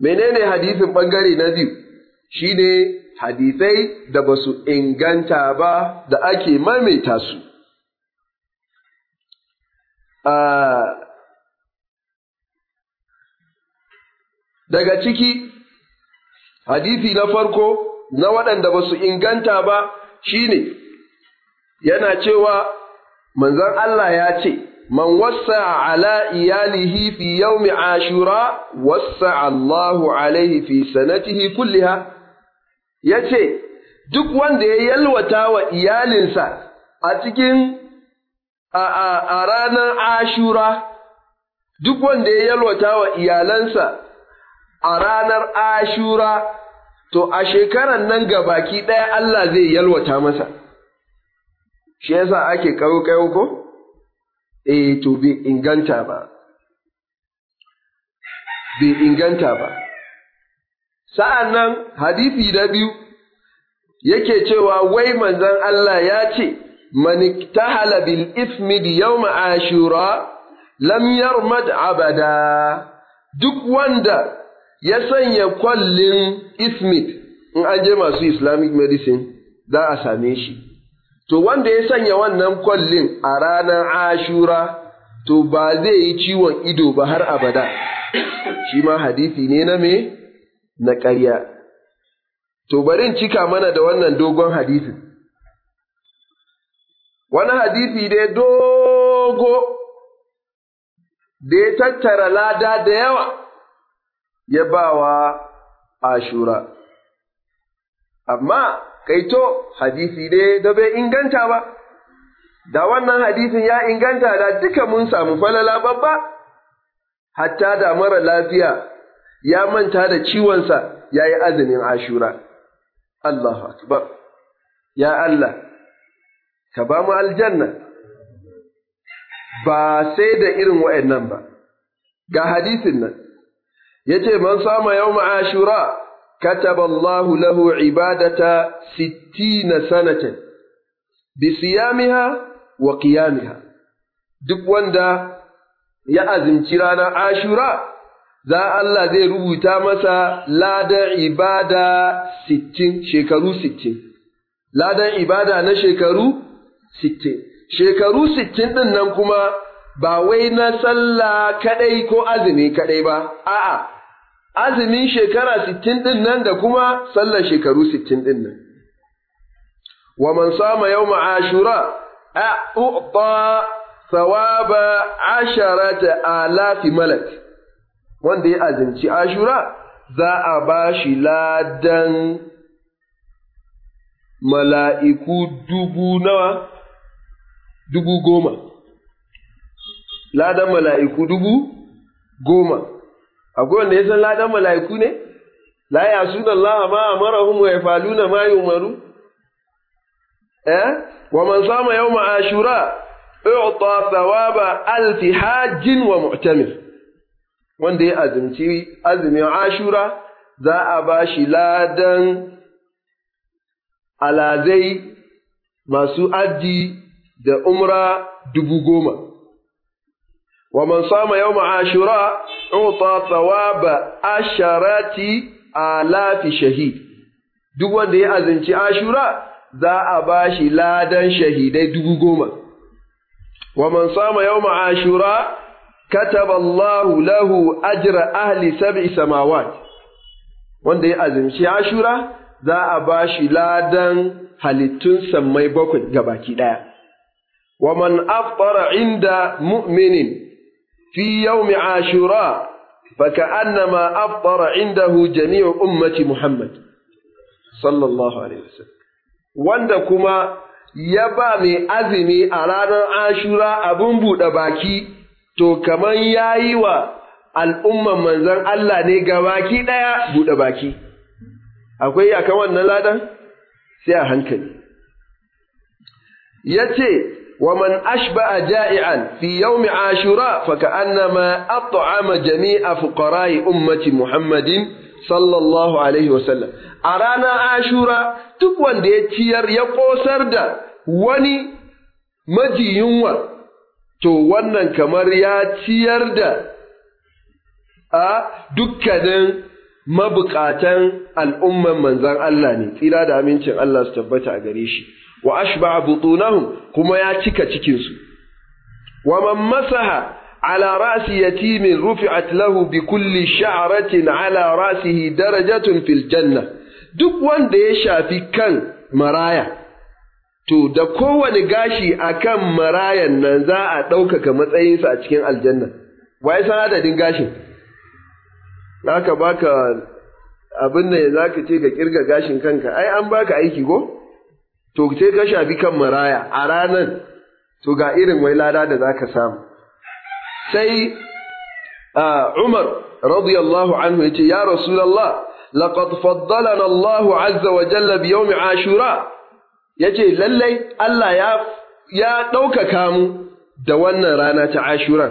menene hadisin bangare na biyu shine hadisai da ba su inganta ba da ake maimaita su daga ciki hadisi na farko na waɗanda ba su inganta ba shi ne, yana cewa manzon Allah ya ce man wasa ala iyalihi fi yawmi ashura wasa Allahu alaihi fi sanatihi kulliha yace duk wanda ya yalwata wa iyalinsa a cikin a ranar ashura duk wanda ya yalwata wa iyalansa a ranar ashura to a shekaran nan ga baki ɗaya Allah zai yalwata masa shi yasa ake kawo kawo ko eh to bai inganta ba bai inganta ba sa'an nan hadisi na biyu yake cewa wai manzon Allah ya ce man iktahala bil ismi yau ashura lam yarmad abada duk wanda ya sanya kwallin ismid in an je masu islamic medicine za a same shi to wanda ya sanya wannan kwallin a ranar ashura to ba zai yi ciwon ido ba har abada shi ma hadisi ne na me na ƙarya to barin cika mana da wannan dogon hadisi. wani hadisi dai dogo da ya tattara lada da yawa ya bawa ashura amma kai to hadisi ne da bai inganta ba da wannan hadisin ya inganta da duka mun samu falala babba hatta da mara lafiya ya manta da ciwonsa ya yi azumin ashura Allahu akbar ya Allah ka ba mu aljanna ba sai da irin wa'annan ba ga hadisin nan yace man sama yau ma ashura كتب الله له عبادة ستين سنة بصيامها وقيامها duk wanda ya azumci ranar ashura za Allah zai rubuta masa ladan ibada sittin shekaru sittin ladan ibada na shekaru sittin shekaru sittin ɗin nan kuma ba wai na sallah kaɗai ko azumi kaɗai ba a'a azumin shekara sittin ɗin nan da kuma sallar shekaru sittin ɗin nan. Wa man sama yau ashura a uɓa sawaba ta alafi malak wanda ya azinci ashura za a ba shi ladan mala'iku dubu nawa dubu goma ladan mala'iku dubu goma akwai wanda ya san ladan mala'iku ne la ya suna Allah ma amarahum wa yafaluna ma yumaru eh wa man sama yawma ashura u'ta thawaba alfi hajjin wa mu'tamir wanda ya azumci azumin ashura za a ba shi ladan alazai masu addi da umra dubu goma. Wa man sama yau ashura uta thawaba asharati alafi shahid duk wanda ya azinci ashura za a bashi ladan shahidai dubu goma wa man sama yawma ashura kataba Allahu lahu ajra ahli sab'i samawat wanda ya azinci ashura za a bashi ladan halittun sammai bakwai gabaki daya wa man afṭara inda mu'minin في يوم عاشوراء فكأنما أفطر عنده جميع أمة محمد صلى الله عليه وسلم wanda kuma ya ba mai azumi a ranar ashura abin buɗe baki to kamar ya yi wa al'umman manzan Allah ne ga baki ɗaya buɗe baki akwai a kan wannan ladan sai a hankali ya ce ومن أشبع جائعا في يوم عاشوراء فكأنما أطعم جميع فقراء أمة محمد صلى الله عليه وسلم أرانا عاشوراء تكون دي تير يقوسر دا وني مجي ينوى to wannan kamar ya ciyar da a dukkanin mabukatan al'umman manzan Allah ne, tsira da amincin Allah su tabbata a gare shi. wa ashba butunahum kuma ya cika cikin su wa man masaha ala ra'si yatimin rufi'at lahu bi kulli sha'ratin ala ra'sihi darajatun fil janna duk wanda ya shafi kan maraya to da kowane gashi akan marayan nan za a ɗaukaka matsayinsa a cikin aljanna waye san adadin gashin naka baka abin da za ka ce ga kirga gashin kanka ai an baka aiki ko. to sai ka shafi kan maraya a ranar to ga irin wai lada da za ka samu sai Umar radiyallahu anhu ya ce ya Rasulallah laqad faddalana Allahu azza wa jalla bi yawmi ashura yace lallai Allah ya ya ɗaukaka mu da wannan rana ta ashura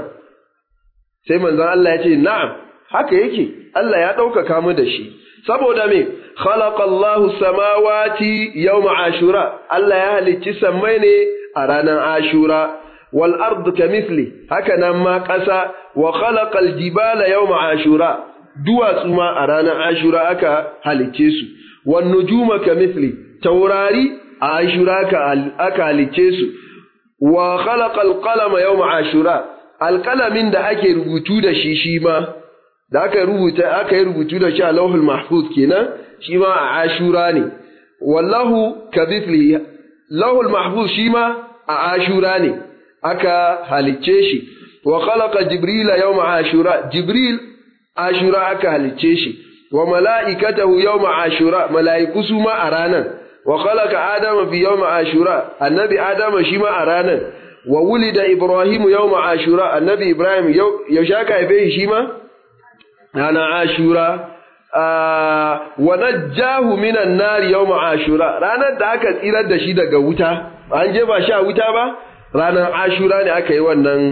sai manzon Allah ya ce na'am haka yake Allah ya ɗaukaka mu da shi saboda me khalaqallahu samawati yawma ashura Allah ya halicci sammai ne a ranar ashura wal ardu kamithli haka nan ma ƙasa wa khalaqal jibala yawma ashura duwatsu ma a ranar ashura aka halicce su wan nujuma kamithli taurari a ashura aka halicce su wa khalaqal qalama yawma ashura alƙalamin da ake rubutu da shi da aka rubuta yi rubutu da shi a lauhul mahfuz kenan shi ma a ashura ne wallahu kabithli lahul mahfuz shi ma a ashura ne aka halicce shi wa khalaqa jibrila yawma ashura jibril ashura aka halicce shi wa mala'ikatahu yawma ashura mala'iku su ma a ranan wa khalaqa adama fi yawma ashura annabi adama shi ma a ranan wa wulida ibrahimu yawma ashura annabi ibrahim yaushe aka haife shi ma ranar ashura wa najjahu minan nari yau ashura ranar da aka tsirar da shi daga wuta an je shi a wuta ba ranar ashura ne aka yi wannan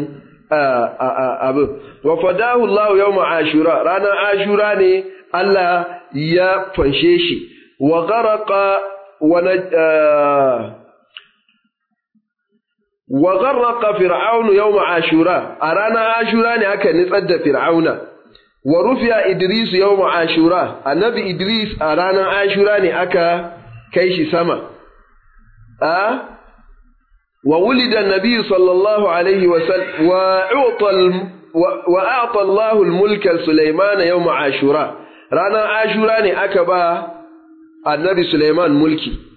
abin wa fadahu Allah yawma ashura ranar ashura ne Allah ya fanshe shi wa gharaqa wa wa gharaqa fir'aunu yau ashura a ranar ashura ne aka nitsar da fir'auna wa rufiya idris yawm ashura annabi idris a ranar ashura ne aka kai shi sama a wa wulida annabi sallallahu alaihi wa sallam wa utal wa a'ta Allah al-mulka Sulaiman yawm ashura ranar ashura ne aka ba annabi Sulaiman mulki